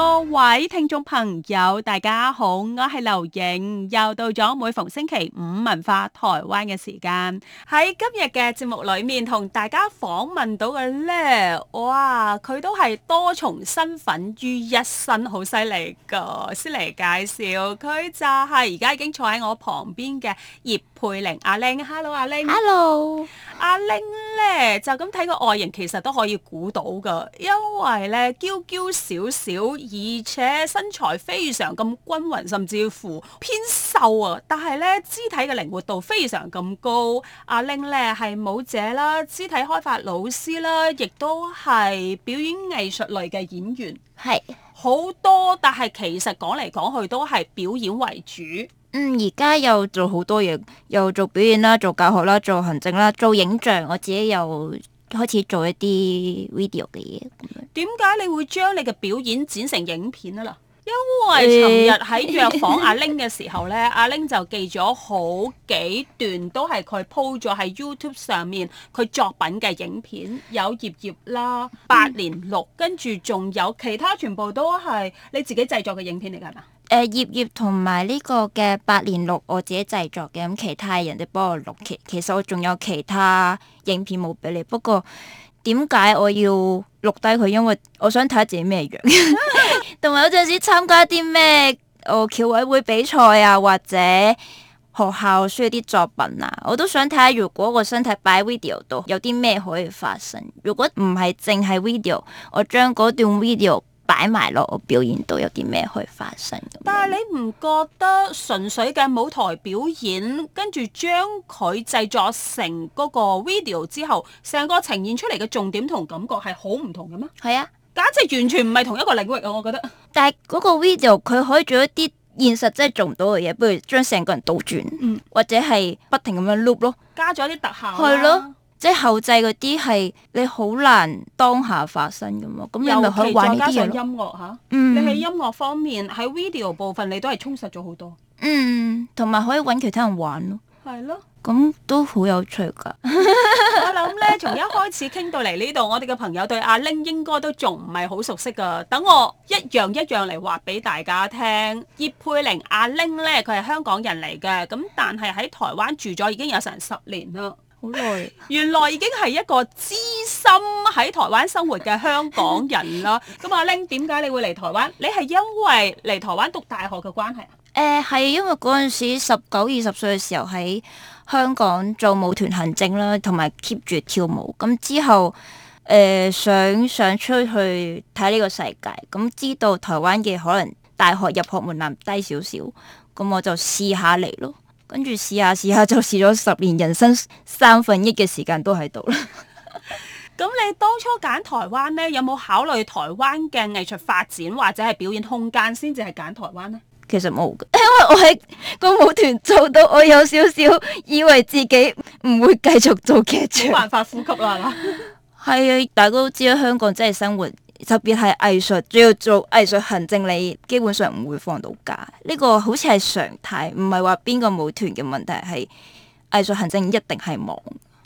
各位聽眾朋友大家好，我係劉影，又到咗每逢星期五《文化台灣》嘅時間，喺今日嘅節目裏面同大家訪問到嘅咧哇，佢都係多重身份於一身好犀利噶，先嚟介紹佢就係而家已經坐喺我旁邊嘅葉佩玲，阿玲，hello，阿玲，hello，嘍阿玲呢，就咁睇個外形，其實都可以估到㗎，因為呢嬌嬌小小，而且身材非常咁均勻，甚至乎偏瘦啊。但係呢肢體嘅靈活度非常咁高。阿玲呢係舞者啦，肢體開發老師啦，亦都係表演藝術類嘅演員，係是好多，但係其實講嚟講去都係表演為主。嗯，而家又做好多嘢，又做表演啦，做教學啦，做行政啦，做影像，我自己又開始做一啲 video 嘅嘢。點解你會將你嘅表演剪成影片啊？嗱，因為尋日喺約訪阿玲嘅時候咧，阿玲、 啊、就記咗好幾段，都係佢鋪咗喺 YouTube 上面佢作品嘅影片，有葉葉啦，八年六，跟住仲有其他，全部都係你自己製作嘅影片嚟噶，係嘛？誒，葉葉同埋呢個嘅八年錄我自己製作嘅，咁其他人哋幫我錄。其，其實我仲有其他影片冇俾你，不過點解我要錄低佢？因為我想睇下自己咩樣，同埋 有陣時參加啲咩哦校委會比賽啊，或者學校需要啲作品啊，我都想睇下如果個身體擺 video 度，有啲咩可以發生。如果唔係淨係 video，我將嗰段 video。擺埋落，我表現到有啲咩可以發生。但係你唔覺得純粹嘅舞台表演，跟住將佢製作成嗰個 video 之後，成個呈現出嚟嘅重點同感覺係好唔同嘅咩？係啊，簡直完全唔係同一個領域啊！我覺得。但係嗰個 video 佢可以做一啲現實真係做唔到嘅嘢，不如將成個人倒轉，嗯、或者係不停咁樣 loop 咯，加咗啲特效去咯。即係後製嗰啲係你好難當下發生咁咯，咁你咪可以玩呢啲嘢咯。尤其再加上音樂吓，啊嗯、你喺音樂方面喺 video 部分，你都係充實咗好多。嗯，同埋可以搵其他人玩咯。係咯，咁都好有趣噶。 我諗咧，從一開始傾到嚟呢度，我哋嘅朋友對阿玲應該都仲唔係好熟悉噶。等我一樣一樣嚟話俾大家聽。葉佩玲阿玲咧，佢係香港人嚟嘅，咁但係喺台灣住咗已經有成十年啦。好耐，原來已經係一個資深喺台灣生活嘅香港人啦。咁 阿拎，點解你會嚟台灣？你係因為嚟台灣讀大學嘅關係啊？誒、呃，係因為嗰陣時十九二十歲嘅時候喺香港做舞團行政啦，同埋 keep 住跳舞。咁之後誒、呃、想想出去睇呢個世界，咁知道台灣嘅可能大學入學門檻低少少，咁我就試下嚟咯。跟住試下試下就試咗十年，人生三分一嘅時間都喺度啦。咁你當初揀台灣呢？有冇考慮台灣嘅藝術發展或者係表演空間，先至係揀台灣呢？其實冇，因為我喺個舞團做到，我有少少以為自己唔會繼續做劇場，冇辦法呼吸啦。係， 大家都知啦，香港真係生活。特別係藝術，主要做藝術行政，你基本上唔會放到假。呢個好似係常態，唔係話邊個舞團嘅問題，係藝術行政一定係忙。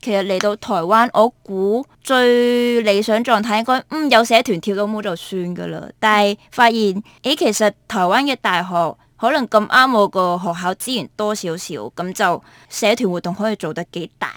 其實嚟到台灣，我估最理想狀態應該，嗯，有社團跳到舞就算噶啦。但係發現，誒，其實台灣嘅大學可能咁啱我個學校資源多少少，咁就社團活動可以做得幾大，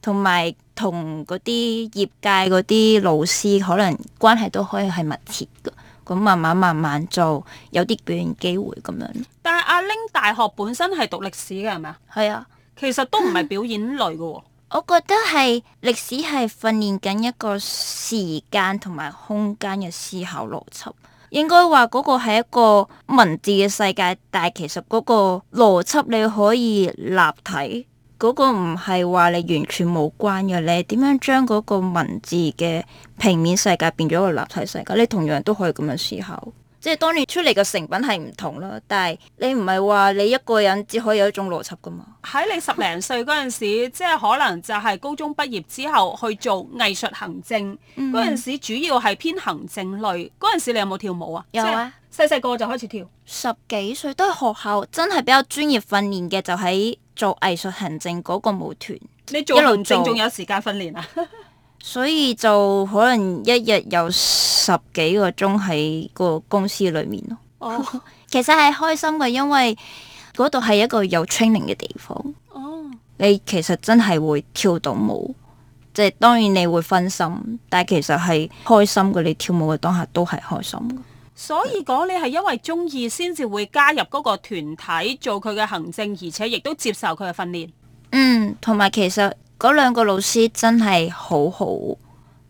同埋。同嗰啲業界嗰啲老師可能關係都可以係密切嘅，咁慢慢慢慢就有啲表演機會咁樣。但係阿玲大學本身係讀歷史嘅係咪啊？係啊，其實都唔係表演類嘅喎、嗯。我覺得係歷史係訓練緊一個時間同埋空間嘅思考邏輯，應該話嗰個係一個文字嘅世界，但係其實嗰個邏輯你可以立體。嗰個唔係話你完全冇關嘅咧，你點樣將嗰個文字嘅平面世界變咗個立體世界？你同樣都可以咁樣思考。即係當年出嚟嘅成品係唔同啦，但係你唔係話你一個人只可以有一種邏輯㗎嘛？喺你十零歲嗰陣時， 即係可能就係高中畢業之後去做藝術行政嗰陣、嗯、時，主要係偏行政類。嗰陣時你有冇跳舞啊？有啊，細細個就開始跳。十幾歲都係學校，真係比較專業訓練嘅就喺做藝術行政嗰個舞團。你做行政仲有時間訓練啊？ 所以就可能一日有十幾個鐘喺個公司裏面咯。哦，oh. 其實係開心嘅，因為嗰度係一個有 training 嘅地方。哦，oh. 你其實真係會跳到舞，即係當然你會分心，但係其實係開心嘅。你跳舞嘅當下都係開心，所以講你係因為中意先至會加入嗰個團體做佢嘅行政，而且亦都接受佢嘅訓練。嗯，同埋其實。嗰兩個老師真係好好，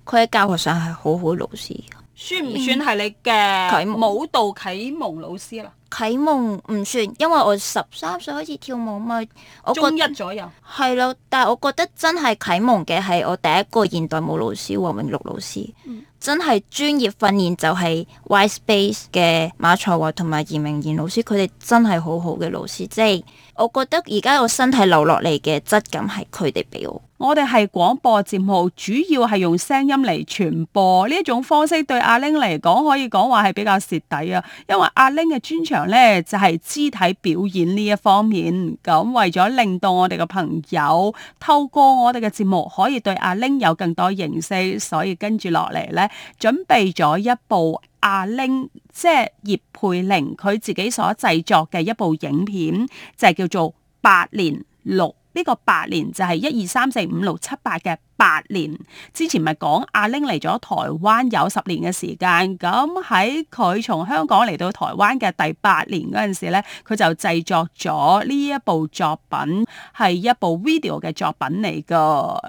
佢喺教學上係好好老師。算唔算係你嘅？佢舞蹈啟蒙老師啦。啟蒙唔算，因為我十三歲開始跳舞嘛。我中一左右。係咯，但係我覺得真係啟蒙嘅係我第一個現代舞老師黃文玉老師。嗯。真係專業訓練就係 Y Space 嘅馬才華同埋嚴明賢老師，佢哋真係好好嘅老師，即係。我覺得而家我身體留落嚟嘅質感係佢哋俾我。我哋係廣播節目，主要係用聲音嚟傳播呢一種方式，對阿玲嚟講可以講話係比較蝕底啊。因為阿玲嘅專長呢就係肢體表演呢一方面，咁為咗令到我哋嘅朋友透過我哋嘅節目可以對阿玲有更多認識，所以跟住落嚟呢準備咗一部阿玲即係葉佩玲佢自己所製作嘅一部影片，就係叫做《八年六》。呢個八年就係一二三四五六七八嘅。八年之前咪講阿玲嚟咗台灣有十年嘅時間，咁喺佢從香港嚟到台灣嘅第八年陣時咧，佢就製作咗呢一部作品，係一部 video 嘅作品嚟噶。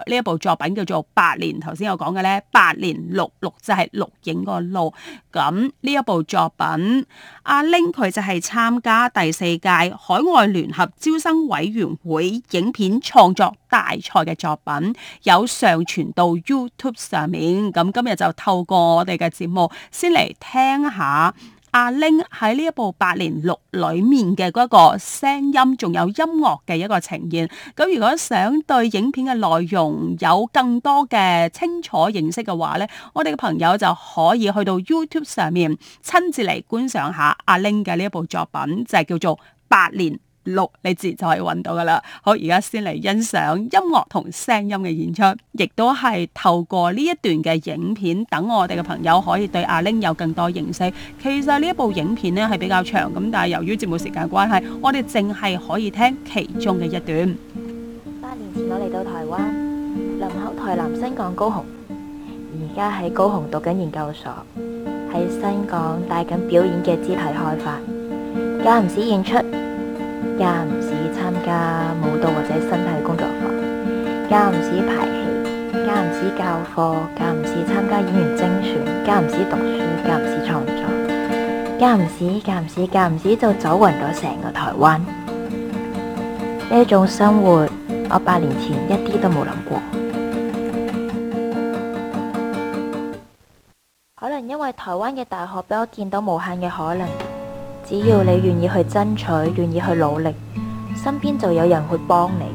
呢一部作品叫做《八年》，頭先我講嘅咧，八年六六就係、是、錄影個錄。咁呢一部作品，阿玲佢就係參加第四屆海外聯合招生委員會影片創作大賽嘅作品，有。上傳到 YouTube 上面，咁今日就透過我哋嘅節目，先嚟聽下阿玲喺呢一部《百年六》裏面嘅嗰一個聲音，仲有音樂嘅一個呈現。咁如果想對影片嘅內容有更多嘅清楚認識嘅話呢，我哋嘅朋友就可以去到 YouTube 上面親自嚟觀賞下阿玲嘅呢一部作品，就係叫做《百年》。六，你自己就可以揾到噶啦。好，而家先嚟欣賞音樂同聲音嘅演出，亦都係透過呢一段嘅影片，等我哋嘅朋友可以對阿玲有更多認識。其實呢一部影片呢係比較長咁，但係由於節目時間關係，我哋淨係可以聽其中嘅一段。八年前我嚟到台灣，林口、台南、新港、高雄，而家喺高雄讀緊研究所，喺新港帶緊表演嘅肢體開發，間唔時演出。間唔時參加舞蹈或者身體工作坊，間唔時排戲，間唔時教課，間唔時參加演員甄選，間唔時讀書，間唔時創作，間唔時，間唔時，間唔時就走匀咗成個台灣。呢種生活，我八年前一啲都冇諗過。可能因為台灣嘅大學俾我見到無限嘅可能。只要你願意去爭取，願意去努力，身邊就有人會幫你。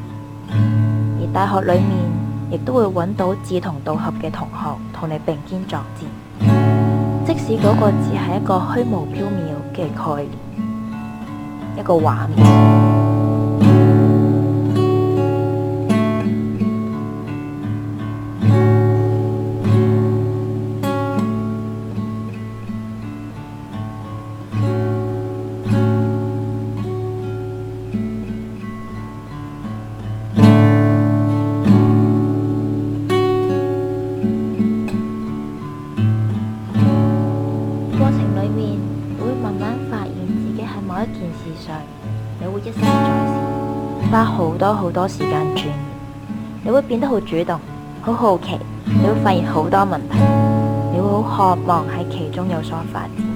而大學裏面亦都會揾到志同道合嘅同學同你并肩作戰，即使嗰個只係一個虛無縹緲嘅概念，一個畫面。某一件事上，你會一生在事，花好多好多時間鑽研，你會變得好主動、好好奇，你會發現好多問題，你會好渴望喺其中有所發展，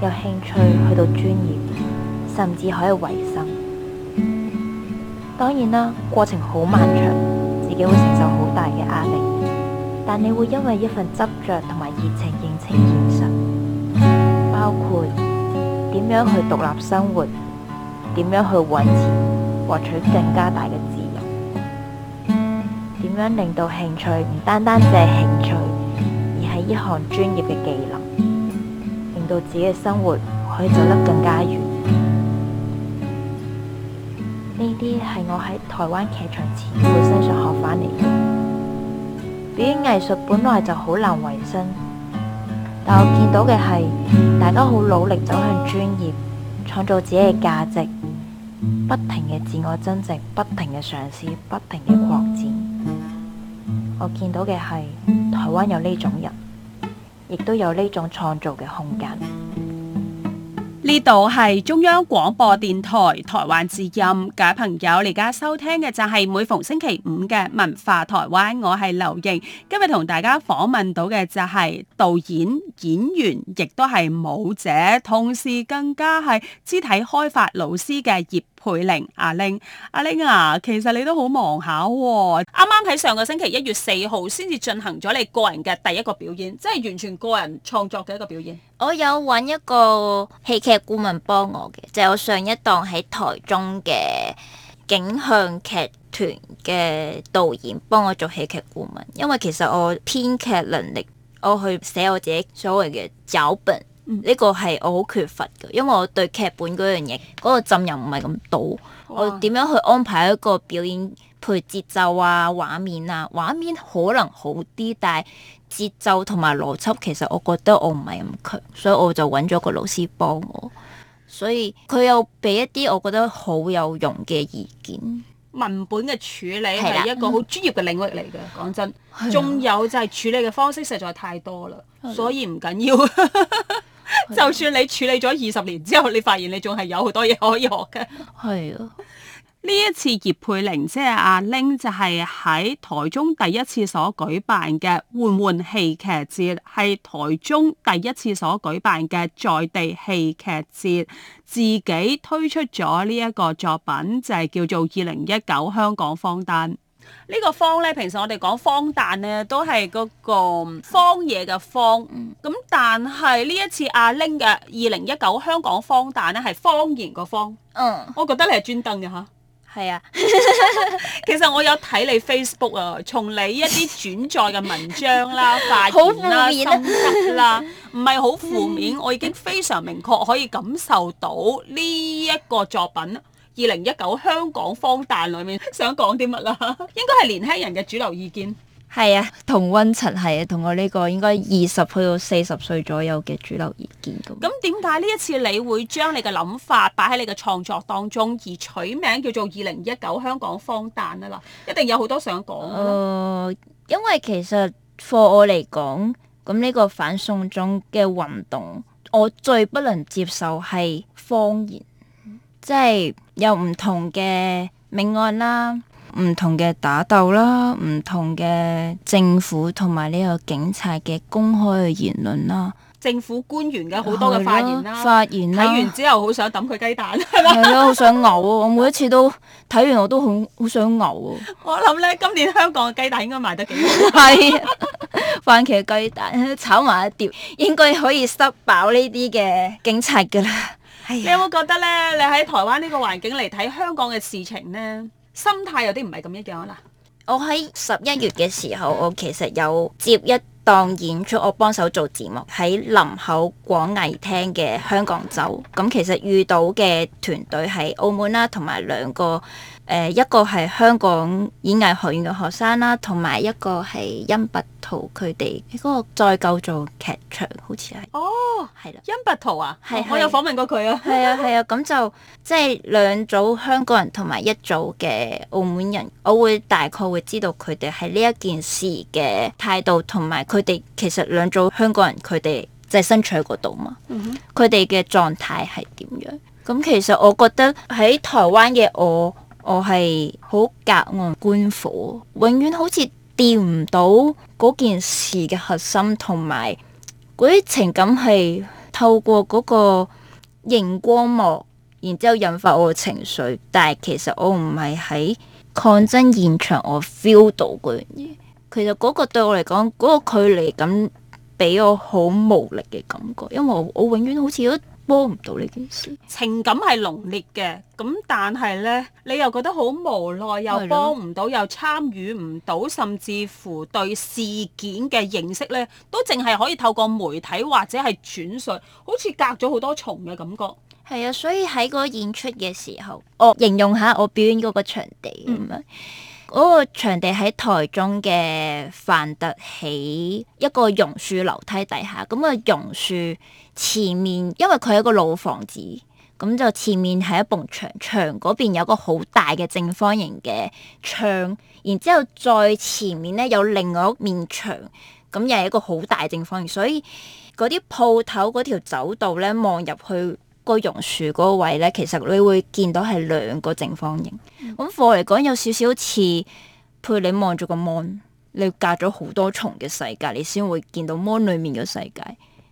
有興趣去到專業，甚至可以為生。當然啦，過程好漫長，自己會承受好大嘅壓力，但你會因為一份執着同埋熱情認清現實，包括。點樣去獨立生活？點樣去搵錢，獲取更加大嘅自由？點樣令到興趣唔單單只係興趣，而係一項專業嘅技能，令到自己嘅生活可以走得更加遠？呢啲係我喺台灣劇場前輩身上學翻嚟嘅。表演藝術本來就好難維生。但我見到嘅係，大家都好努力走向專業，創造自己嘅價值，不停嘅自我增值，不停嘅嘗試，不停嘅擴展。我見到嘅係，台灣有呢種人，亦都有呢種創造嘅空間。呢度係中央廣播電台台灣之音，各位朋友，而家收聽嘅就係每逢星期五嘅文化台灣。我係劉瑩，今日同大家訪問到嘅就係導演、演員，亦都係舞者，同時更加係肢體開發老師嘅葉。佩玲，阿玲，阿玲啊，其實你都好忙下喎、哦。啱啱喺上個星期一月四號先至進行咗你個人嘅第一個表演，即係完全個人創作嘅一個表演。我有揾一個戲劇顧問幫我嘅，就係、是、我上一檔喺台中嘅景向劇團嘅導演幫我做戲劇顧問，因為其實我編劇能力，我去寫我自己所謂嘅腳本。呢個係我好缺乏嘅，因為我對劇本嗰樣嘢嗰、嗰個浸又唔係咁到。哇我點樣去安排一個表演譬如節奏啊、畫面啊？畫面可能好啲，但係節奏同埋邏輯，其實我覺得我唔係咁強，所以我就揾咗個老師幫我。所以佢又俾一啲我覺得好有用嘅意見。文本嘅處理係一個好專業嘅領域嚟嘅，講的真。仲、嗯、有就係處理嘅方式實在太多啦，的所以唔緊要，要。 就算你處理咗二十年之後，你發現你仲係有好多嘢可以學嘅。係 啊，呢一次葉佩玲即係阿玲，就係喺台中第一次所舉辦嘅喚喚戲劇節，係台中第一次所舉辦嘅在地戲劇節，自己推出咗呢一個作品，就係、是、叫做二零一九香港謊誕。個呢個謊咧，平時我哋講荒誕咧，都係嗰個荒野嘅荒。咁、嗯、但係呢一次阿玲嘅二零一九香港謊誕咧，係謊言嘅謊。嗯，我覺得你係專登嘅嚇。係是啊， 其實我有睇你 Facebook 啊，從你一啲轉載嘅文章啦、發現啦、心得 面啦，唔係好負面， 我已經非常明確可以感受到呢一個作品。二零一九香港謊誕裏面想講啲乜啦？ 應該係年輕人嘅主流意見。係啊，同溫層係啊，同我呢個應該二十去到四十歲左右嘅主流意見咁。咁點解呢一次你會將你嘅諗法擺喺你嘅創作當中，而取名叫做《二零一九香港謊誕》啊？嗱，一定有好多想講啊、呃。因為其實 for 我嚟講，咁呢個反送中嘅運動，我最不能接受係謊言。即係有唔同嘅命案啦，唔同嘅打鬥啦，唔同嘅政府同埋呢個警察嘅公開嘅言論啦，政府官員嘅好多嘅發言啦，發言啦，睇完之後好想抌佢雞蛋，係 咯，好想嘔啊！我每一次都睇 完我都好好想嘔啊！我諗咧今年香港嘅雞蛋應該賣得幾貴，番 茄雞蛋炒埋一碟，應該可以塞飽呢啲嘅警察噶啦你有冇覺得呢？你喺台灣呢個環境嚟睇香港嘅事情呢，心態有啲唔係咁一樣啊！我喺十一月嘅時候，我其實有接一檔演出，我幫手做節目，喺林口廣藝廳嘅香港走。咁其實遇到嘅團隊係澳門啦、啊，同埋兩個。誒一個係香港演藝學院嘅學生啦，同埋一個係殷拔圖，佢哋嗰個再構造劇場，好似係哦，係啦的，殷拔圖啊，係的我有訪問過佢啊，係啊係啊，咁 就即係兩組香港人同埋一組嘅澳門人，我會大概會知道佢哋喺呢一件事嘅態度，同埋佢哋其實兩組香港人佢哋即係身處喺嗰度嘛，嗯哼，佢哋嘅狀態係點樣？咁其實我覺得喺台灣嘅我。我係好隔岸觀火，永遠好似掂唔到嗰件事嘅核心，同埋嗰啲情感係透過嗰個熒光幕，然之後引發我嘅情緒。但係其實我唔係喺抗爭現場，我 feel 到嗰樣嘢。其實嗰個對我嚟講，嗰個距離感俾我好無力嘅感覺，因為我，我永遠好似都。幫唔到呢件事，情感係濃烈嘅，咁但係呢，你又覺得好無奈，又幫唔到，又參與唔到，甚至乎對事件嘅認識呢，都淨係可以透過媒體或者係轉述，好似隔咗好多重嘅感覺。係啊，所以喺個演出嘅時候，我形容下我表演嗰個場地咁啊。嗯嗰個場地喺台中嘅范特喜一個榕樹樓梯底下，咁、嗰個榕樹前面，因為佢係一個老房子，咁就前面係一埲牆，牆，嗰邊有個好大嘅正方形嘅窗，然之後再前面咧，有另外一面牆，咁又係一個好大正方形，所以嗰啲鋪頭嗰條走道咧，望入去。個榕樹嗰個位咧，其實你會見到係兩個正方形。咁課嚟講有少少似，譬如你望住個 mon，你隔咗好多重嘅世界，你先會見到 mon 裏面嘅世界。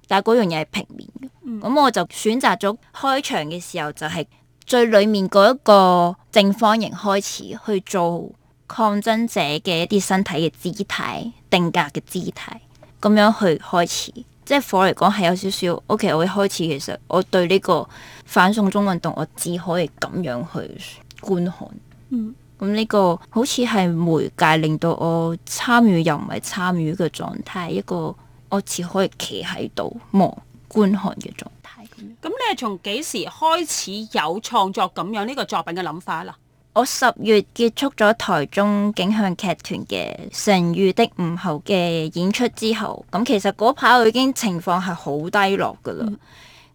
但係嗰樣嘢係平面嘅，咁、mm hmm. 我就選擇咗開場嘅時候就係最裏面嗰一個正方形開始去做抗爭者嘅一啲身體嘅姿態定格嘅姿態，咁樣去開始。即係火嚟講係有少少，OK，我一開始。其實我對呢個反送中運動，我只可以咁樣去觀看。嗯，咁呢個好似係媒介令到我參與又唔係參與嘅狀態，一個我只可以企喺度望觀看嘅狀態。咁、嗯，咁你係從幾時開始有創作咁樣呢個作品嘅諗法啦？我十月結束咗台中景向劇團嘅《成玉的午後》嘅演出之後，咁其實嗰排我已經情況係好低落㗎喇。嗯、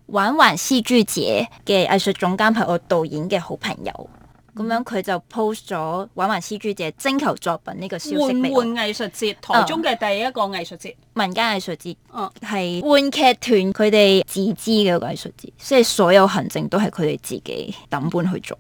喚喚戲劇節嘅藝術總監係我導演嘅好朋友，咁樣佢就 post 咗喚喚戲劇節徵求作品呢個消息。嚟喚喚藝術節，台中嘅第一個藝術節，民間藝術節。嗯、哦，係喚劇團佢哋自資嘅一個藝術節，即係所有行政都係佢哋自己抌本去做。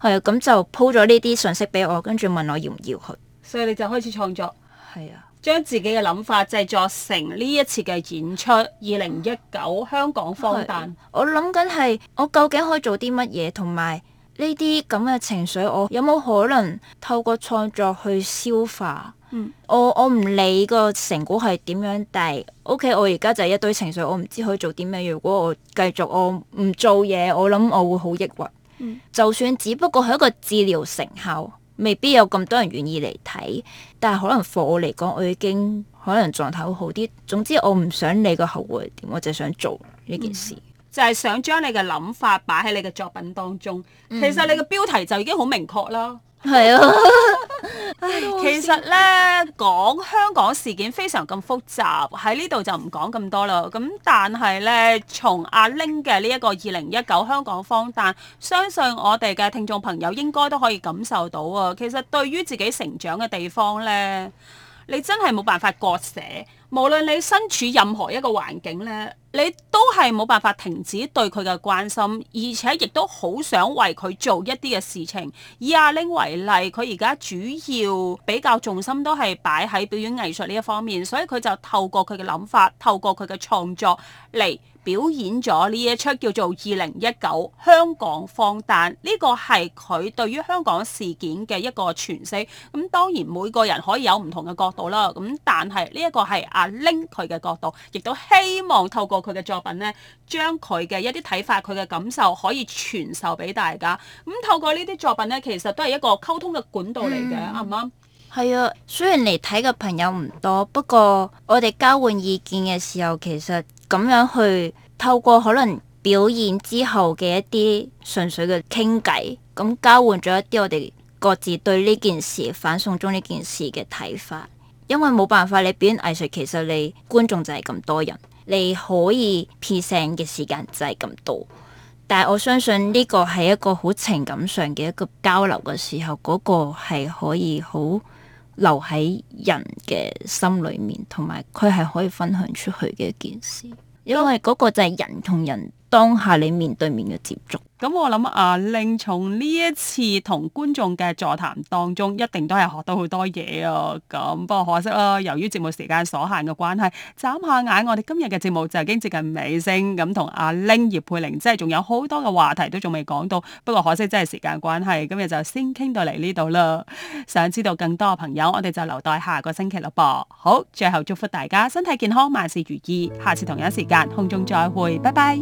係啊咁、嗯、就鋪咗呢啲信息，俾我，跟住問我要唔要去，所以你就開始創作，係啊，將自己嘅諗法製作成呢一次嘅演出。二零一九香港謊誕，啊，我諗緊係我究竟可以做啲乜嘢，同埋呢啲咁嘅情緒，我有冇可能透過創作去消化？嗯、我我唔理個成果係點樣，但 OK，我而家就一堆情緒，我唔知可以做啲咩。如果我繼續我唔做嘢，我諗我，我會好抑鬱。就算只不過係一個治療成效，未必有咁多人願意嚟睇，但係可能課我嚟講，我已經可能狀態好好啲。總之我，我唔想你個後果係點，我就想做呢件事，嗯、就係、是、想將你嘅諗法擺喺你嘅作品當中。其實你嘅標題就已經好明確啦。係啊， 其實呢，講香港事件非常咁複雜，喺呢度就唔講咁多啦。咁但係呢，從阿拎嘅呢一個二零一九香港謊誕，相信我哋嘅聽眾朋友應該都可以感受到啊、哦。其實對於自己成長嘅地方呢，你真係冇辦法割捨。無論你身處任何一個環境咧，你都係冇辦法停止對佢嘅關心，而且亦都好想為佢做一啲嘅事情。以阿玲為例，佢而家主要比較重心都係擺喺表演藝術呢一方面，所以佢就透過佢嘅諗法，透過佢嘅創作嚟。表演咗呢一出叫做《二零一九香港謊誕》這，呢個係佢對於香港事件嘅一個詮釋。咁當然每個人可以有唔同嘅角度啦。咁但係呢一個係阿拎佢嘅角度，亦都希望透過佢嘅作品咧，將佢嘅一啲睇法，佢嘅感受可以傳授俾大家。咁透過呢啲作品咧，其實都係一個溝通嘅管道嚟嘅，啱唔啱？係啊，雖然嚟睇嘅朋友唔多，不過我哋交換意見嘅時候，其實。咁樣去透過可能表演之後嘅一啲純粹嘅傾偈，咁交換咗一啲我哋各自對呢件事、反送中呢件事嘅睇法，因為冇辦法，你表演藝術其實你觀眾就係咁多人，你可以 present 嘅時間就係咁多，但係我相信呢個係一個好情感上嘅一個交流嘅時候，嗰、嗰個係可以好。留喺人嘅心裏面，同埋佢係可以分享出去嘅一件事，因為嗰個就係人同人當下你面對面嘅接觸。咁我諗啊，令從呢一次同觀眾嘅座談當中，一定都係學到好多嘢啊！咁不過可惜啦、啊，由於節目時間所限嘅關係，眨下眼，我哋今日嘅節目就已經接近尾聲。咁同阿令、葉佩玲，即係仲有好多嘅話題都仲未講到，不過可惜真係時間關係，今日就先傾到嚟呢度啦。想知道更多嘅朋友，我哋就留待下個星期咯，噃好！最後祝福大家身體健康，萬事如意。下次同一時間空中再會，拜拜。